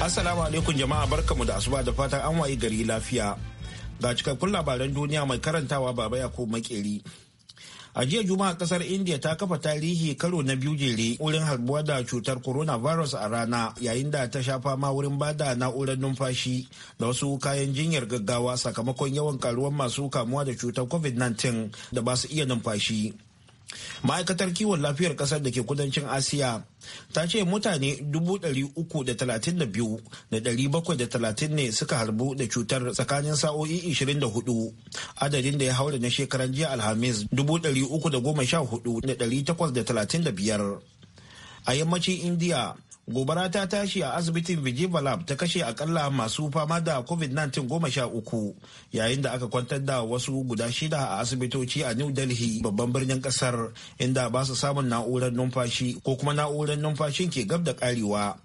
Assalamu alaikum jama'a barkamu da asuba da fatan an wayi gari lafiya. Ga cikakkun labaran duniya mai karantawa baba ya ko Makeri. A jiya Juma'a kasar India ta kafa tarihi karo na biyu jere wurin harbuwa da cutar coronavirus a rana yayin da ta sha fama wurin bada na'urar numfashi da wasu kayan jinyar gaggawa sakamakon yawan karuwar masu kamuwa da cutar COVID-19 da ba su iya numfashi. ma'aikatar kiwon lafiyar kasar da ke kudancin asiya ta ce mutane 332,730 ne suka harbu da cutar tsakanin sa'o'i 24 adadin da ya haura na shekaran jiya alhamis 314,835 a yammacin indiya gobara ta tashi a asibitin vigivalab ta kashe akalla masu fama da covid-19 goma sha uku yayin da aka kwantar da wasu guda shida a asibitoci a new delhi babban birnin kasar inda ba su samun na'urar numfashi ko kuma na'urar numfashin ke gab da karewa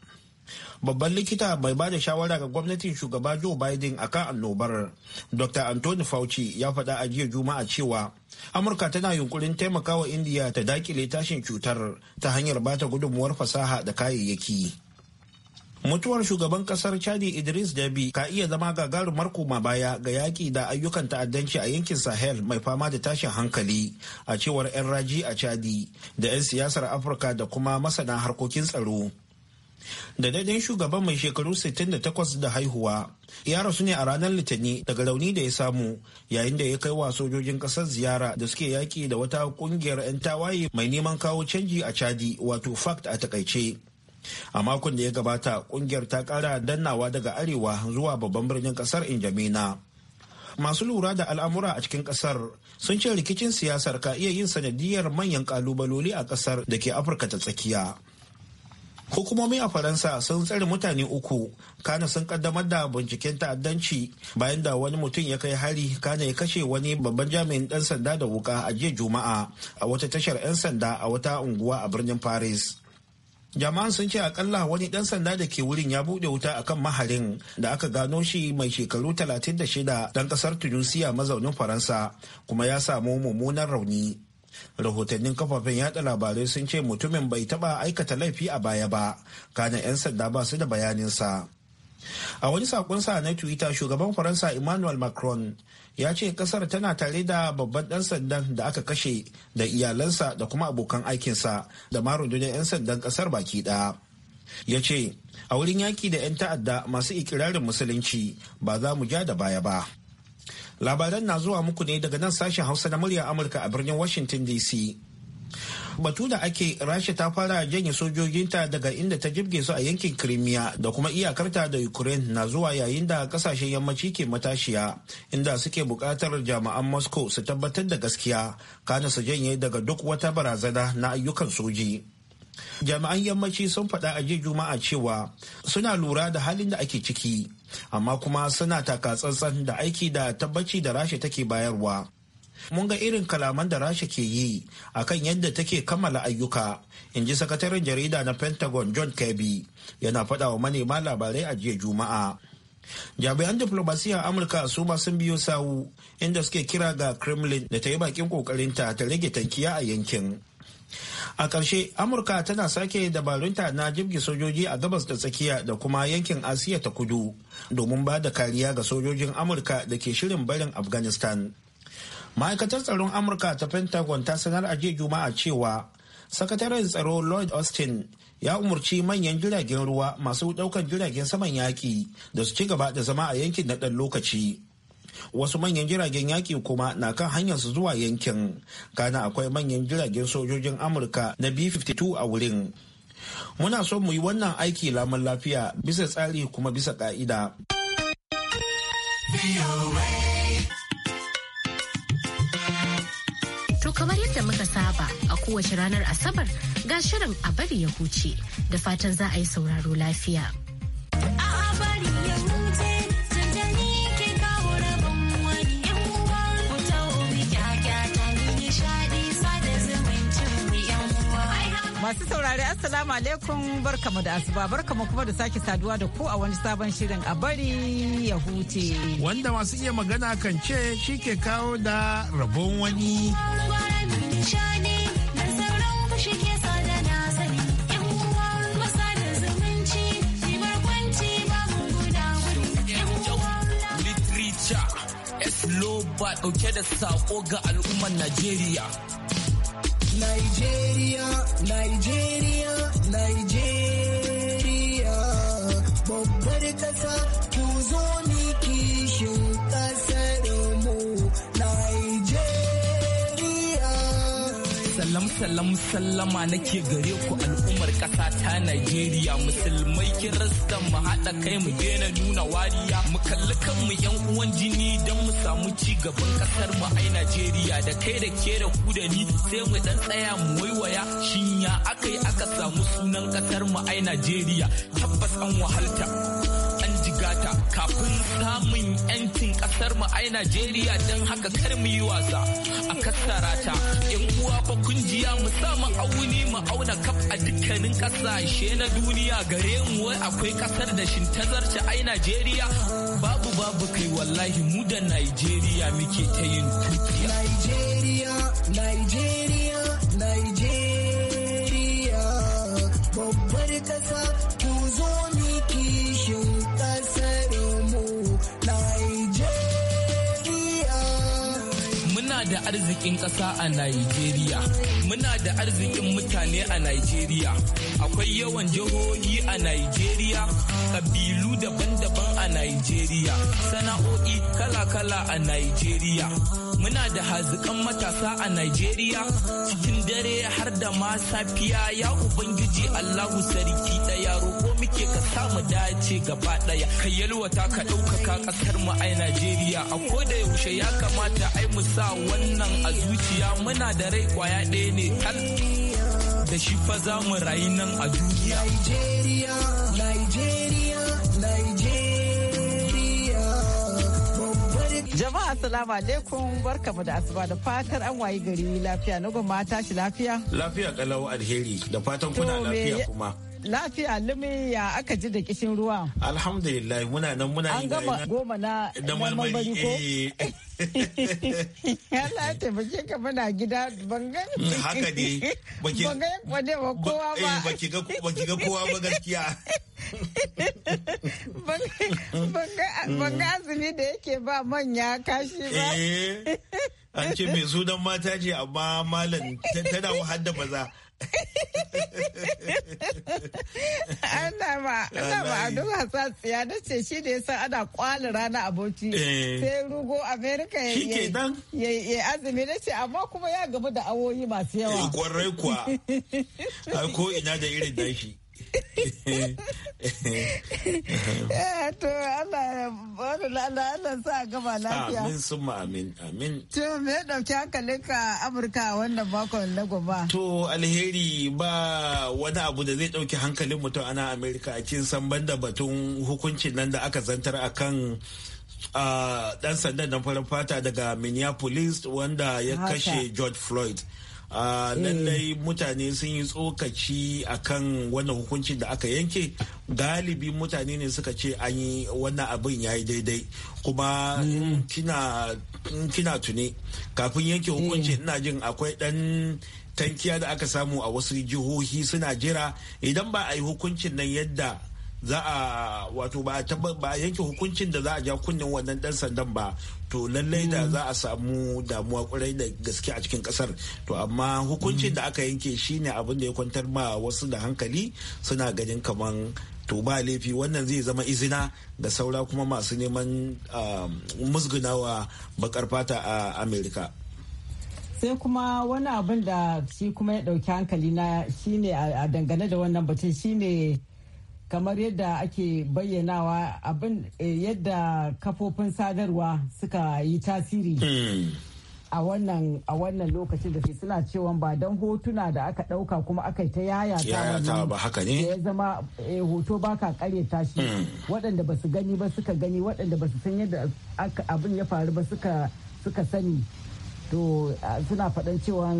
babban likita mai ba da shawara ga gwamnatin shugaba joe biden a kan annobar dr anthony fauci ya faɗa a jiya juma'a cewa amurka tana yunkurin taimakawa indiya ta dakile tashin cutar ta hanyar bata gudunmuwar fasaha da kayayyaki mutuwar shugaban kasar chadi idris dabi ka iya zama gagarumar koma baya ga yaƙi da ayyukan ta'addanci a yankin sahel mai fama da tashin hankali a cewar 'yan raji a chadi da 'yan siyasar afirka da kuma masana harkokin tsaro da daidai shugaban mai shekaru 68 da haihuwa ya rasu ne a ranar litani daga rauni da ya samu yayin da ya kai wa sojojin kasar ziyara da suke yaki da wata kungiyar 'yan tawaye mai neman kawo canji a chadi wato fact a takaice a makon da ya gabata kungiyar ta kara dannawa daga arewa zuwa babban birnin kasar injamina masu lura da al'amura a cikin kasar sun ce rikicin siyasar ka iya yin sanadiyar manyan kalubaloli a kasar da ke afirka ta tsakiya hukumomi a faransa sun tsare mutane uku kana sun kaddamar da binciken ta'addanci bayan da wani mutum ya kai hari kana ya kashe wani babban jami'in dan sanda da wuka a jiya juma'a a wata tashar 'yan sanda a wata unguwa a birnin paris jama'an sun ce akalla wani dan sanda da ke wurin ya bude wuta akan maharin da aka gano shi mai shekaru 36 dan kasar tunisia mazaunin faransa kuma ya samu mummunan rauni rahotannin kafafen yada labarai sun ce mutumin bai taba aikata laifi a baya ba kana 'yan sanda ba su da sa. a wani sakonsa na twitter shugaban faransa emmanuel macron ya ce kasar tana tare da babban dan sandan da aka kashe da iyalansa da kuma abokan aikinsa da ma rundunar 'yan sandan kasar baki ɗaya ya ce a wurin yaki da 'yan ta'adda masu ikirarin musulunci ba za mu ja da baya ba Labaran na zuwa muku ne daga nan sashen Hausa na murya Amurka a birnin Washington DC. Batu da ake Rasha ta fara janye sojojinta daga inda ta jibge su a yankin Crimea da kuma iyakarta da Ukraine na zuwa yayin da kasashen yammaci ke matashiya inda suke bukatar jami'an Moscow su tabbatar da gaskiya kana su janye daga duk wata barazana na ayyukan soji. Jami'an yammaci sun faɗa a jiya Juma'a cewa suna lura da halin da ake ciki. amma kuma suna taka takatsantsan da aiki da tabbaci da rasha take bayarwa mun ga irin kalaman da rasha ke yi akan yadda take kammala ayyuka in ji sakataren jarida na pentagon john kirby yana faɗa wa manema labarai a jiya juma'a jami'an diflomasiyyar amurka su ma sun biyo sawu inda suke kira ga kremlin da ta yi bakin kokarinta ta rage tankiya a yankin a ƙarshe amurka tana sake dabarunta na jirgin sojoji a gabas da tsakiya da kuma yankin asiya ta kudu domin ba da kariya ga sojojin amurka da ke shirin barin afghanistan ma'aikatar tsaron amurka ta pentagon ta sanar a jiya juma'a cewa sakataren tsaro lloyd austin ya umarci manyan jiragen ruwa masu daukan jiragen saman yaƙi da su ci gaba da zama a yankin na ɗan lokaci wasu manyan jiragen yaki kuma na kan hanyar su zuwa yankin gana akwai manyan jiragen sojojin amurka na b-52 a wurin muna so mu yi wannan aiki laman lafiya bisa tsari kuma bisa ka'ida To kamar yadda muka saba a kowace ranar Asabar ga shirin a bari ya huce da fatan za a yi sauraro lafiya. A bari ya huce. Masu saurari Assalamu alaikum barkamu da asuba barkamu kuma da sake saduwa da ku a wani sabon shirin a bari ya huce. Wanda masu iya magana kan ce shi ke kawo da rabon wani. ba ɗauke da saƙo ga al'ummar Najeriya. Nigeria, Nigeria, Nigeria, babbar kasa ku zo ni kishin salam salam sallama nake gare ku al'ummar ƙasa ta Najeriya musulmai kirista mu haɗa kai mu daina nuna wariya mu kalli kanmu yan uwan jini don mu samu ci gaban ƙasar mu ai Najeriya da kai da ke da ku da ni sai mu dan tsaya mu waiwaya shinya akai aka samu sunan ƙasar mu ai Najeriya tabbas an wahalta kafin samun 'yancin kasar mu ai Najeriya don haka kar mu yi wasa a kassara ta yan uwa fa kungiya mu sa mu auni mu auna kaf a dukkanin kasashe na duniya gare mu wai akwai kasar da shin tazarce ai Najeriya babu babu kai wallahi mu da Najeriya muke ta yin tukiya Najeriya Najeriya Najeriya babbar kasa arzikin ƙasa a Najeriya. Muna da arzikin mutane a Najeriya. Akwai yawan jihohi a Najeriya, ƙabilu daban-daban a Najeriya, sana'o'i kala-kala a Najeriya. Muna da hazikan matasa a Najeriya, cikin dare har da ma safiya ya Ubangiji Allahu Sarki ɗaya roƙo muke ka samu dace gaba daya ka yalwata ka ɗaukaka ƙasar mu ai Najeriya a koda yaushe ya kamata ai mu sa wannan a zuciya muna da rai kwaya ɗaya ne tal da shi fa za mu rayu nan a duniya. Nigeria, Nigeria, Jama'a assalamu alaikum barkamu da asuba da fatar an wayi gari lafiya na gwamma tashi lafiya. Lafiya kalau alheri da fatan kuna lafiya kuma. lafiya lumi ya aka ji da kishin ruwa. Alhamdulillah muna nan muna yi An gama goma na marmari ko? Yalla eh. ya taimake ka muna gida bangan. Mm, haka ne. Bangan kwane ba kowa ba. Eh, Baki ga kowa ba gaskiya. Bangan mm. azumi da yake ba manya kashi ba. Eh, an ce mai sudan mata ce amma malam tana wahar da maza. Allah ba, Allah a duk hatsatsiya ce shi da yasa ana kwali rana aboki. Eh. Sai rugo Amerika ya yi azumi na ce amma kuma ya gabu da awoyi masu yawa. Eh, kwarai kuwa, ko ina da irin dashi. Eh, to Allah sa gaba lafiya. Amin sun amin amin. To me dauki hankalin ka Amurka wannan makon na gaba. To alheri ba wani abu da zai dauki hankalin mutum ana Amerika a cikin san banda batun hukuncin nan da aka zantar akan dan sandan na farin fata daga Minneapolis wanda ya kashe George Floyd. a lallai mutane sun yi tsokaci akan wannan hukuncin da aka yanke galibi mutane ne suka ce an yi wannan abin ya yi daidai kuma mm. kina tune kafin yanke eh. hukunci ina jin akwai dan tankiya da aka samu a wasu jihohi suna jira idan ba a yi hukuncin nan yadda za a wato ba a yanke hukuncin da za a ja kunnen wannan dan sandan ba to lallai da mm. za a samu damuwa kwarai da gaske a cikin kasar to amma hukuncin mm. da aka yanke shine abin da ya kwantar ma wasu da hankali suna ganin kaman to ba laifi wannan zai zama izina da saura kuma masu neman um, musgunawa bakar fata a amerika sai kuma wani abin da shi kuma ya dauki hankali na shine a dangane da wannan batun shine kamar yadda ake bayyanawa abin eh, yadda kafofin sadarwa suka yi tasiri a wannan a wannan lokacin da suna cewa ba don hotuna da aka dauka kuma aka yi ta yaya ta ba haka ne ya zama eh, hoto ba ka karyata shi hmm. waɗanda ba su gani ba suka gani waɗanda ba su san yadda abin ya faru ba suka sani to suna faɗan cewa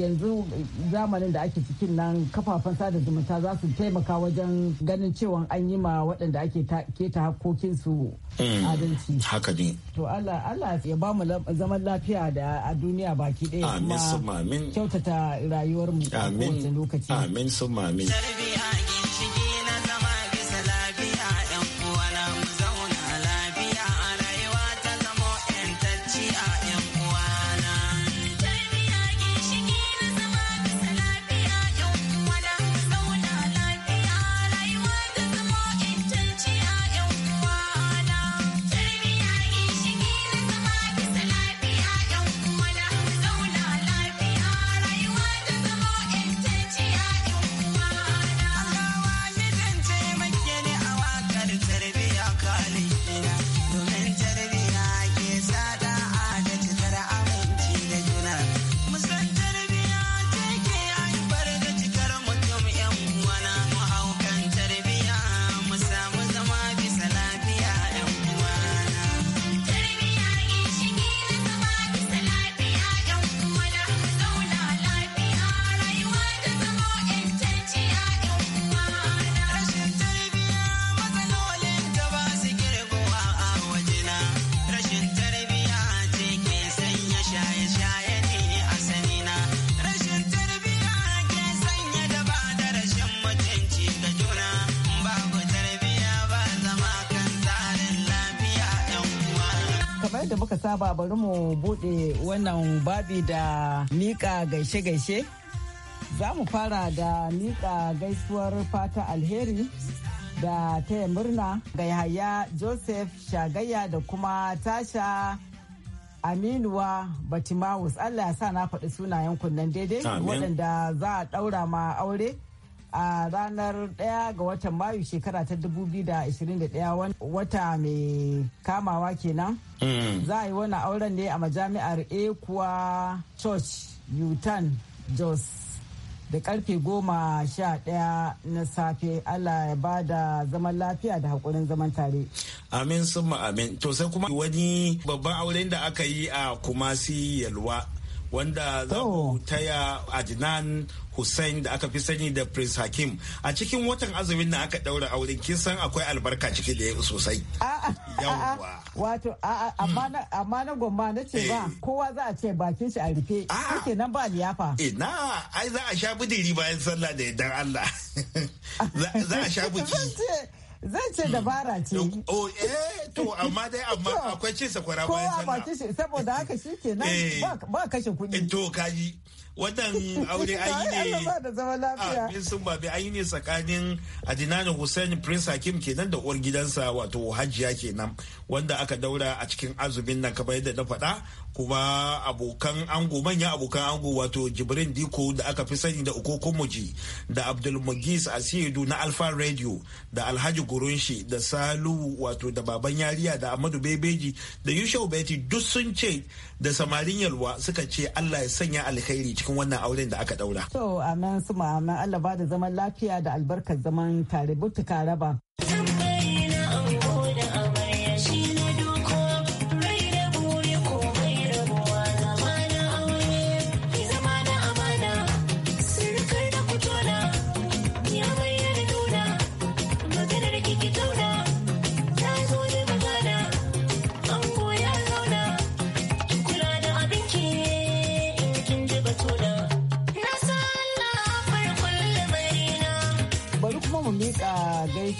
yanzu zamanin da ake cikin nan kafafen sada zumunta za su taimaka wajen ganin cewa an yi ma waɗanda ake keta hakokinsu hmm, adalci. Haka ne. To Allah Allah ya ba mu zaman lafiya da a duniya baki ɗaya kuma kyautata rayuwar mu a kowace lokaci. Amin sun mamin. ba bari mu buɗe wannan babi da miƙa gaishe-gaishe. Za mu fara da miƙa gaisuwar fata alheri da taya murna ga yahaya Joseph Shagaya da kuma Tasha Aminuwa Batimawus. Allah ya sa na faɗi sunayen kunnen daidai waɗanda za a ɗaura ma aure. a ranar 1 ga watan mayu shekara ta 2021 wata mai kamawa kenan mm. za a yi wani auren ne a majami'ar ekuwa church newton jos da karfe goma sha ɗaya na safe allah ya ba da zaman lafiya da haƙurin zaman tare amin sun amin to sai kuma wani babban auren da aka yi a kumasi yalwa wanda za ku oh. taya Adnan Hussein da aka fi sani da Prince Hakim a cikin watan azumin na aka daura auren kin san akwai albarka ciki da sosai. Yawwa. Wato amma na gomma na ce ba eh. kowa za a ce bakin shi a rufe kake nan ba liyafa. Ina ai za a sha budiri bayan sallah da yardar Allah. Za a sha buki. zai ce dabara ce O oh, eh to amma dai amma akwai cin sakwara bayan sallah kowa ba saboda haka nan eh. ba kashe kuɗi eh, to kaji wannan aure ayi ne a sun ah, bi ayi ne tsakanin adinani hussein prince hakim kenan da uwar gidansa wato hajiya kenan wanda aka daura a cikin azumin nan kamar yadda na faɗa kuma abokan ango manyan abokan ango wato jibrin diko da aka fi sani da ukokun da da abdulmagis asidu na alfa radio da alhaji gurunshi da salu wato da baban yariya da amadu bebeji da yushau beti duk sun ce da samarin yalwa suka ce Allah ya sanya alkhairi cikin wannan auren da aka daura. To amen su amen Allah ba da zaman lafiya da albarkar zaman tare butuka raba.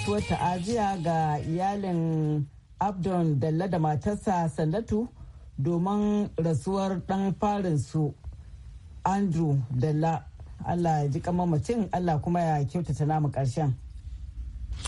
gaisuwar ta'aziya ga iyalin abdon dalla da matarsa sanatu domin rasuwar dan farinsu andrew dalla allah ji kama mutum allah kuma ya kyautata namu karshen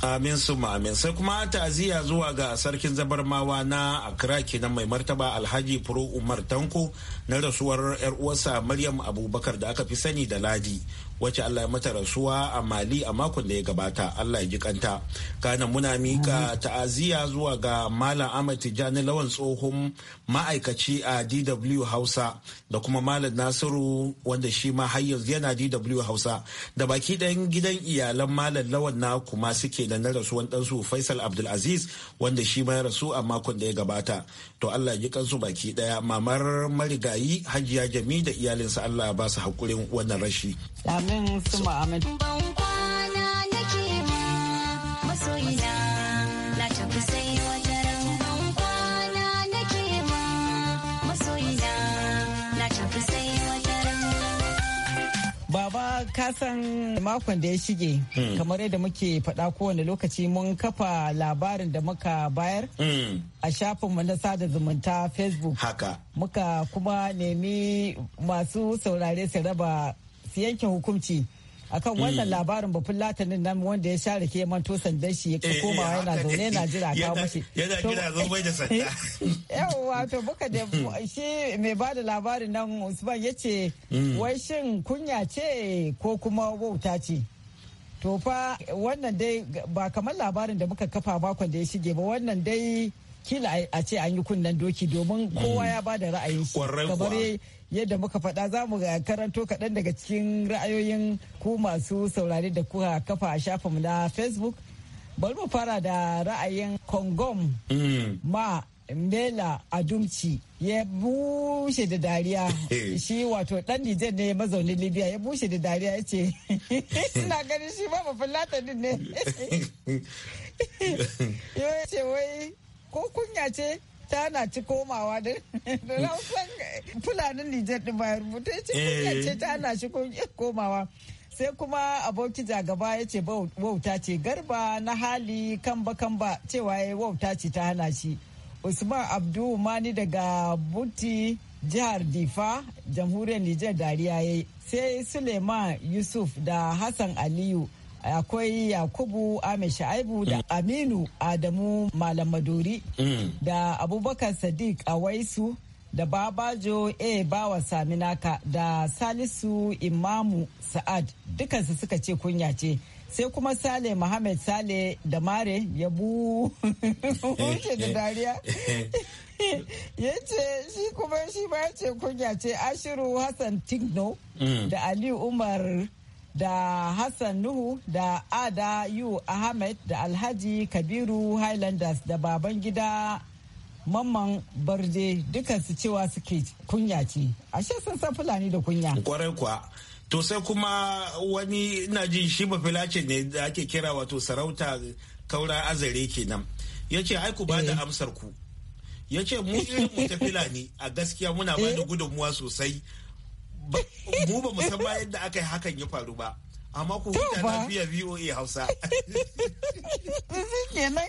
amin su amin sai kuma ta'aziyya zuwa ga sarkin zabarmawa na accra kenan mai martaba alhaji furo umar tanko na rasuwar yar uwarsa maryam abubakar da aka fi sani da ladi wacce Allah ya mata rasuwa a Mali a makon da ya gabata Allah ya ji kanta. Kana muna mika ta'aziyya zuwa ga Malam Ahmad tijani Lawan tsohon ma'aikaci a DW Hausa da kuma Malam Nasiru wanda shi ma har yanzu yana DW Hausa da baki ɗayan gidan iyalan Malam Lawan na kuma suke da na rasuwan ɗansu Faisal Abdulaziz wanda shi ma ya rasu a makon da ya gabata. To Allah ya ji kansu baki ɗaya mamar marigayi Hajiya Jami da iyalinsa Allah ba su hakurin wannan rashi. Amin su Muhammad. Ban kwana nake ba masoyina na tafi sai wata ran ban kwana nake ba masoyina na tafi sai wata ran. Baba ka san makon da ya shige hmm. kamar yadda muke faɗa kowane lokaci mun kafa labarin da muka bayar hmm. a shafinmu na sada zumunta facebook haka muka kuma nemi masu saurare su raba su yanke hukunci akan hmm. wannan labarin bafin latinin nan wanda ya sha rake manto sandan shi ya eh, koma yana zaune yana jira ka mashi yana jira zo bai da sanda yawa to buka da shi mai ba da labarin nan usman ya ce hmm. wai shin kunya ce ko kuma wauta ce to fa wannan dai ba kamar labarin da muka kafa makon da ya shige ba wannan dai kila a ce an yi kunnen doki domin kowa ya ba da ra'ayin kamar yadda muka faɗa za mu karanto kaɗan daga cikin ra'ayoyin ku masu saurare da kuka kafa a shafin na facebook bari mu fara da ra'ayin kongom mm. ma mela adumci ya bushe da dariya shi wato dan nijar ne mazaunin libya ya bushe da dariya ya ce suna ganin shi ba mafi latanin ne ya ce wai ko kunya ce ta na ci komawa da rafin fulanin nijar ɗin bayar rubuta ce kunya ce eh. ta na ci komawa sai kuma aboki jagaba ya ce wauta ce garba na hali kamba kamba cewa ya wauta ce ta hana shi usman abdu mani daga buti jihar difa jamhuriyar nijar dariya ya yi sai suleiman yusuf da hassan aliyu akwai yakubu ahmed shaibu da mm. aminu adamu malam maduri mm. da abubakar sadiq awaisu da babajo e bawa saminaka da salisu imamu sa'ad dukansu suka ce kunya ce sai kuma sale muhammad sale da mare ya wuce da dariya ya ce shi kuma shi ba ce kunya ce ashiru hassan tigno mm. da aliyu umar da Hassan Nuhu da Ada Yu Ahmed da Alhaji Kabiru Highlanders da baban gida Mamman Barde su cewa suke kunya ce. Ashe sun san Fulani da kunya. Kwarai kuwa. To sai kuma wani ina jin shi lace ne da ake kira wato sarauta kaura azare kenan. Ya ce ai ku ba da eh. amsar ku. Ya ce mu irin mu ta Fulani a gaskiya muna ba da eh. gudunmuwa sosai mu ba mu san ba yadda aka yi hakan ya faru ba amma ku huta lafiya VOA Hausa.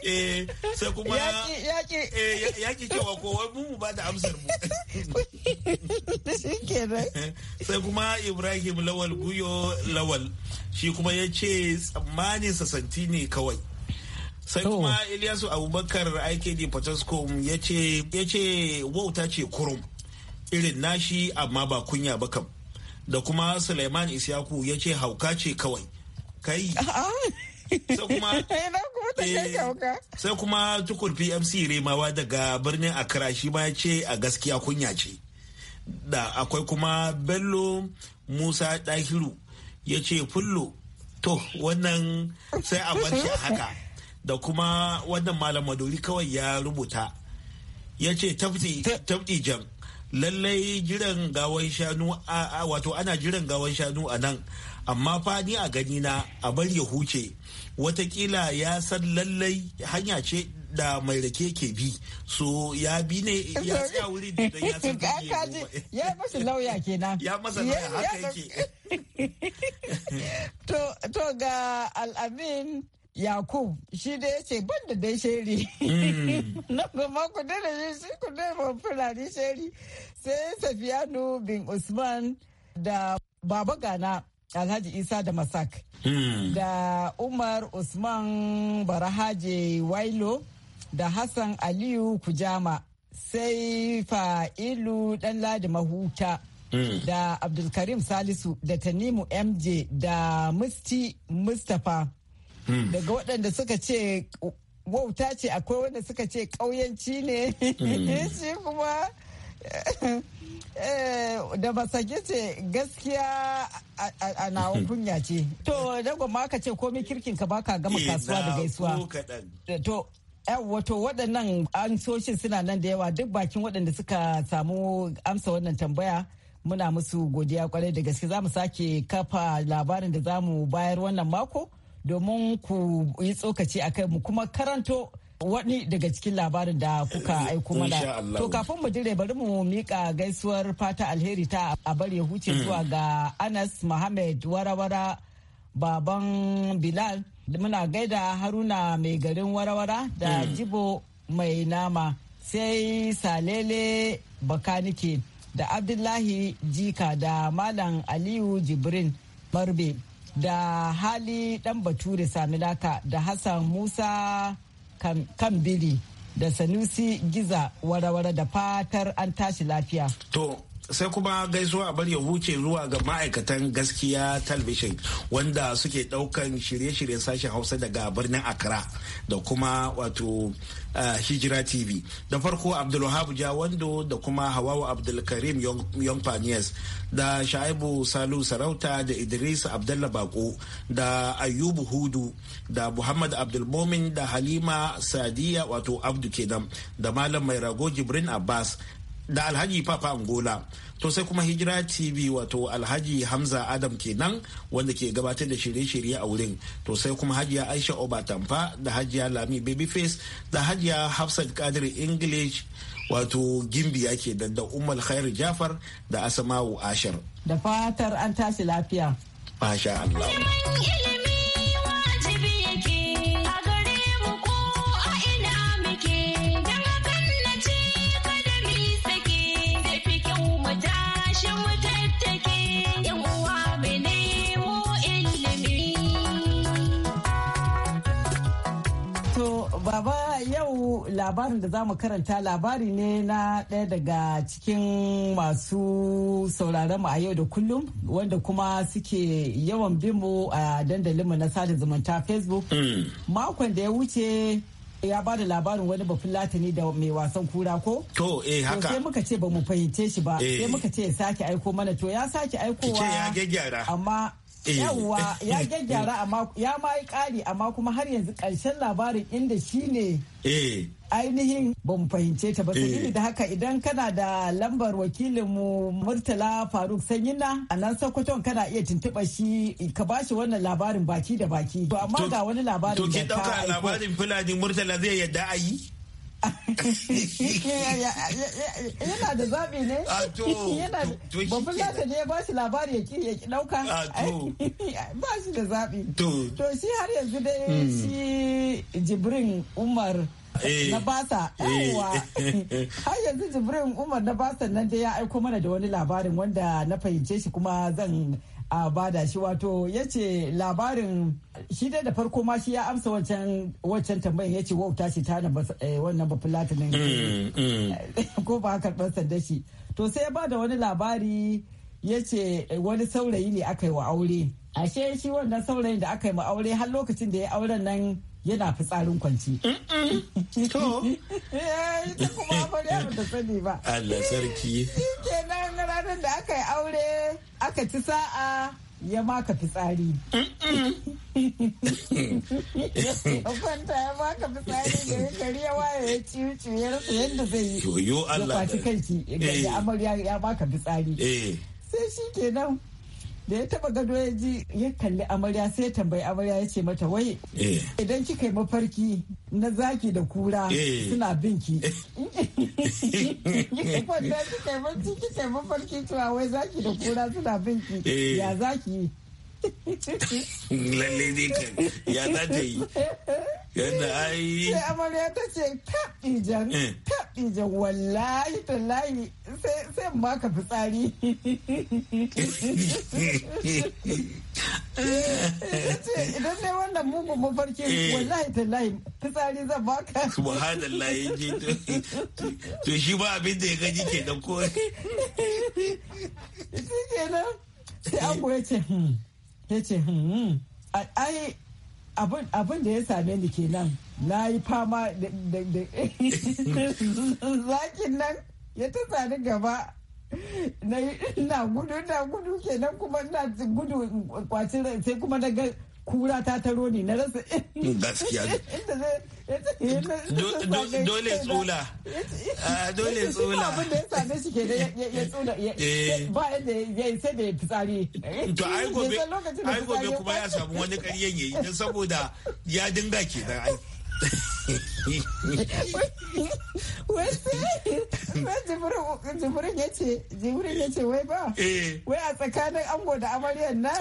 Eh sai kuma ki eh, cewa ko wai mu ba da amsar mu. Sai kuma Ibrahim Lawal Guyo Lawal shi kuma ya ce tsammanin sasanti ne kawai. sai kuma Ilyasu Abubakar IKD Potoscom ya ce wauta ce kurum. irin nashi amma ba kunya ba kam da kuma suleiman isyaku ya ce hauka ce kawai kai eh, sai kuma tukur pmc remawa daga birnin accra shi ma ya ce a gaskiya kunya ce da akwai kuma bello musa dahiru ya ce fullo to wannan sai a bar haka da kuma wannan malam maduri kawai ya rubuta ya ce tafti jam lallai jiran gawan shanu a wato ana jiran gawan shanu a nan amma fa ni a gani na a bar ya huce watakila ya san lallai hanya ce da mai rake ke bi so ya bi ne ya tsaya wuri da ya san ya masa lauya kenan ya masa lauya haka yake to ga al'amin Yakub shi da ya ce ban da dai sheri. Mm. Na gama ku dana shi shi ku dana fulani sheri sai Safiyanu bin Usman da Baba Gana Alhaji Isa da Masak. Mm. Da Umar Usman Barahaje Wailo da Hassan Aliyu Kujama sai Fa'ilu Dan Ladi Mahuta. Mm. da abdulkarim salisu da tanimu mj da musti mustapha Hmm. daga waɗanda suka ce wauta ce akwai wanda suka ce ƙauyanci ne hmm. shi kuma eh, da basage ce gaskiya a nawa hmm. kunya ce to dago ma ka ce komai kirkin ka baka gama eh, kasuwa da gaisuwa eh, to wato waɗannan soshin suna nan da yawa duk bakin waɗanda suka samu amsa wannan tambaya muna musu godiya kwarai da gaske za mu sake kafa labarin da za mu bayar wannan mako domin ku yi tsokaci a kai mu kuma karanto wani daga cikin labarin da kuka eh, aiko mana. To kafin mu jire bari mu mika gaisuwar fata alheri ta a bari ya huce mm. zuwa ga Anas Muhammad warawara baban Bilal. Muna gaida Haruna mai garin warawara da mm. Jibo mai nama sai Salele Bakanike da Abdullahi Jika da Malam Aliyu Jibrin Barbe. da hali dan bature samilaka da hassan musa kambili da sanusi giza warawara da fatar an tashi lafiya sai kuma gaisuwa bar ya huce zuwa ga ma'aikatan gaskiya talabishin wanda suke daukan shirye-shiryen sashen hausa daga birnin accra da kuma wato eh, hijira tv da farko abdulwahab jawando da kuma hawawa abdulkarim young pioneers da shaibu salu sarauta da idris abdallah bako da ayubu hudu da muhammad abdulmomin da halima sadiya wato abdu kenan da malam mai rago jibrin abbas da alhaji papa angola to sai kuma hijira tv wato alhaji hamza adam kenan wanda ke gabatar da shirye-shirye a wurin to sai kuma hajiya aisha Obatampa da hajiya lami babyface da hajiya hafsat kadir english wato gimbiya ke da da umar khair jafar da asamawu ashar da fatar an tashi lafiya masha allah gaba yau labarin da za mu karanta labari ne na ɗaya daga cikin masu sauraron mu a yau da kullum wanda kuma suke yawan bin mu a dandalinmu na sada zumunta Facebook. Hmm. Makon da ya wuce ya ba da labarin wani bafin latani da mai wasan kura ko? To, eh haka. Sai muka ce ba mu fahimce shi ba, eh. sai muka ce ya sake aiko mana to ya sake aikowa. Amma Eh. yawwa ya gyaggyara amma ya ma yi amma kuma har yanzu karshen labarin inda shi ne eh. ainihin bamu mu fahimce ta ba eh. sabili da haka idan kana da lambar wakilinmu murtala faruk sanyina a nan sokoto kana iya tuntuɓa shi ka ba shi wannan labarin baki da baki to amma ga wani labarin da ka to ki ɗauka labarin fulani murtala zai yadda a yi yana da zaɓi ne babban lata ne ba shi labari ya ya ɗauka ah, ba shi da zaɓi to shi har yanzu dai hmm. shi jibrin umar eh. na basa eh. yawa har yanzu jibrin umar na basa nan dai ya aiko mana da wani labarin wanda na fahimce shi kuma zan a bada shi wato ya ce labarin shi dai da farko ma shi ya amsa wancan wancan tambayin ya ce wauta shi ta na eh, wannan mm, mm. ko ba haka ɗan sanda shi to sai ya bada wani labari ya ce eh, wani saurayi ne aka yi wa aure ashe shi wannan saurayin da aka yi wa aure har lokacin da ya auren nan yana fitsarin kwanci. Mm, to. Eh, ita kuma ba ba. Allah sarki. Shi kenan ranar da aka yi aure aka ci sa'a ya maka fitsari. Ya kwanta ya maka fitsari da ya kari ya waye ya ya rasa yadda zai yi. Yo Allah. Ya kwaci kanki ya eh. amarya ya maka fitsari. Eh. Sai shi kenan da ya taba gado ya ji ya kalli amarya sai ya tambayi amarya ya ce mata wai eh. idan kika yi mafarki na zaki da kura eh. suna binki eh. kika yi wai zaki da kura suna binki ya zaki lalle ne ya za ta yi yadda ai sai amarya ta ce taɓijan eh. taɓijan wallahi tallahi sai ma ka fitsari eh, idan sai wannan mugun mafarki eh. wallahi tallahi fitsari zan baka subhanallah ji to shi ba abin da ya gaji ke da ko shi kenan sai an ya ce hmm. ya ce hmm, hmm. ai abin da ya same ni kenan na yi fama da zakin nan ya ta tsari gaba na gudu na gudu kenan kuma na gudu kwacin sai kuma na kura ta taro ni na rasa gaskiya dole tsula ah, dole tsula abin da ya same shi ke ya tsula eh. ba yadda ya yi sai da ya fitsari to ai gobe ai gobe kuma ya samu wani ƙaryen yayi don saboda ya dinga da ai jibirin ya ce ya ce wai ba wai a tsakanin ango da amaryar nan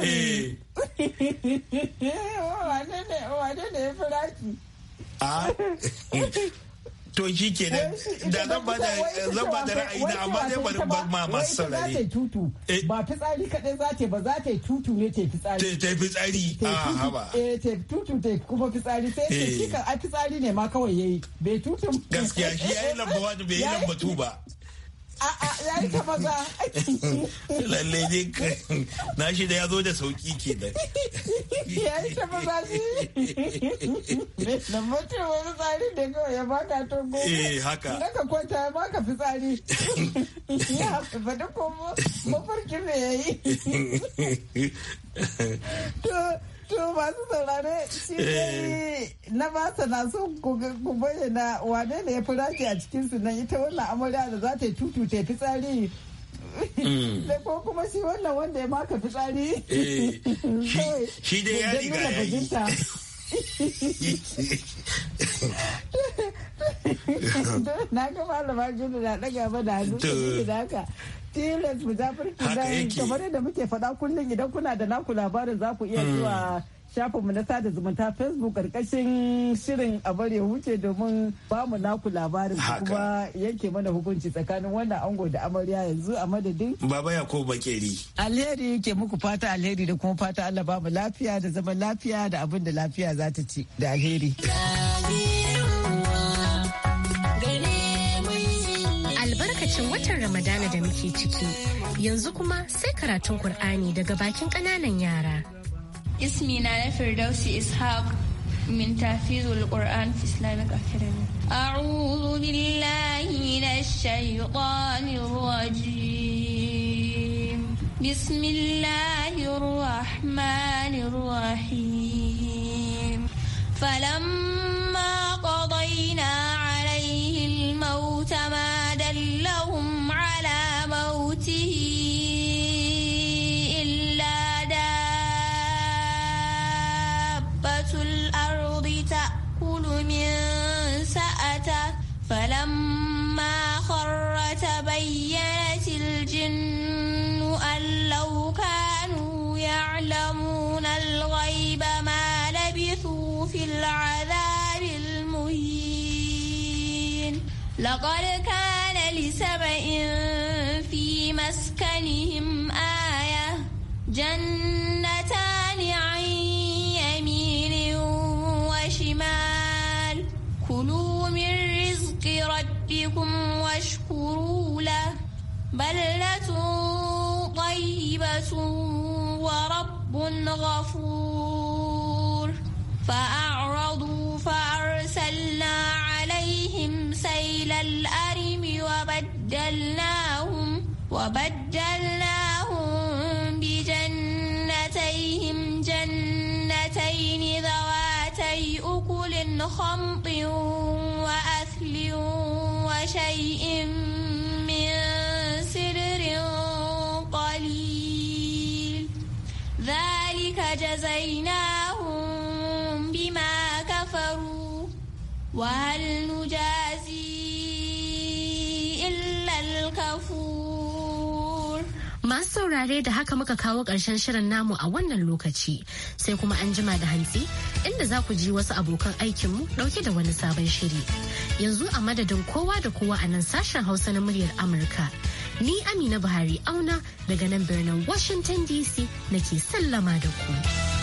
wane ne ya fi raki to shi ke da zan ba da zan ba da ra'ayi na amma dai bari ba ma masu saurare eh. ba fitsari kadai za ta ba za ta tutu ne ta fitsari ta fitsari a ah, haba eh ta tutu ta kuma fitsari sai ta shi eh. ka a fitsari ne ma kawai yayi bai tutun gaskiya shi yayi lamba da bai yi lamba ba A'a ya yi ta maza. Lalle ne na shi da ya zo da sauki ke da. Ya yi ta maza shi. Da mutum wani tsari da kawai ya baka ta goma. Eh haka. Na ka kwanta ya baka fitsari. Ya ba da kuma mafarkin me ya yi. To masu saurare shi ne na su na so ku bayyana wane ne ya fi raji a cikinsu nan ita wannan amarya da za ta yi tutu ta fi tsari da mm. ko kuma shi wannan wanda ya maka fitsari eh, shi dai ya riga ya yi na ga malama juna na daga ba da hannu da haka tilas mu zafirki kamar yadda muke faɗa kullum idan kuna da naku labarin za ku iya zuwa shafinmu na sada zumunta facebook karkashin shirin a ya huce domin bamu naku labarin kuma yanke mana hukunci tsakanin wannan ango da amarya yanzu a madadin baba ya ko bakeri alheri ke muku fata alheri da kuma fata Allah ba lafiya da zaman lafiya da abin da lafiya za ta ci da alheri albarkacin watan ramadana da muke ciki yanzu kuma sai karatun kur'ani daga bakin ƙananan yara اسمي نالا فردوسي إسحاق من تحفيظ القرآن في Islamic Academy أعوذ بالله من الشيطان الرجيم بسم الله الرحمن الرحيم فلما يعلمون الغيب ما لبثوا في العذاب المهين لقد كان لسبإ في مسكنهم آية جنتان عن يمين وشمال كلوا من رزق ربكم واشكروا له بلدة طيبة رب غفور فأعرضوا فأرسلنا عليهم سيل الأرم وبدلناهم وبدلناهم بجنتيهم جنتين ذواتي أكل خمط وأثل وشيء من وجزيناهم بما كفروا وهل نجازي إلا kafur. Masu saurare da haka muka kawo ƙarshen shirin namu a wannan lokaci sai kuma an jima da hantsi inda za ku ji wasu abokan aikinmu ɗauke da wani sabon shiri. Yanzu a madadin kowa da kowa a nan sashen Hausa na muryar Amurka. Ni Amina Buhari auna daga nan birnin Washington DC nake sallama da ku.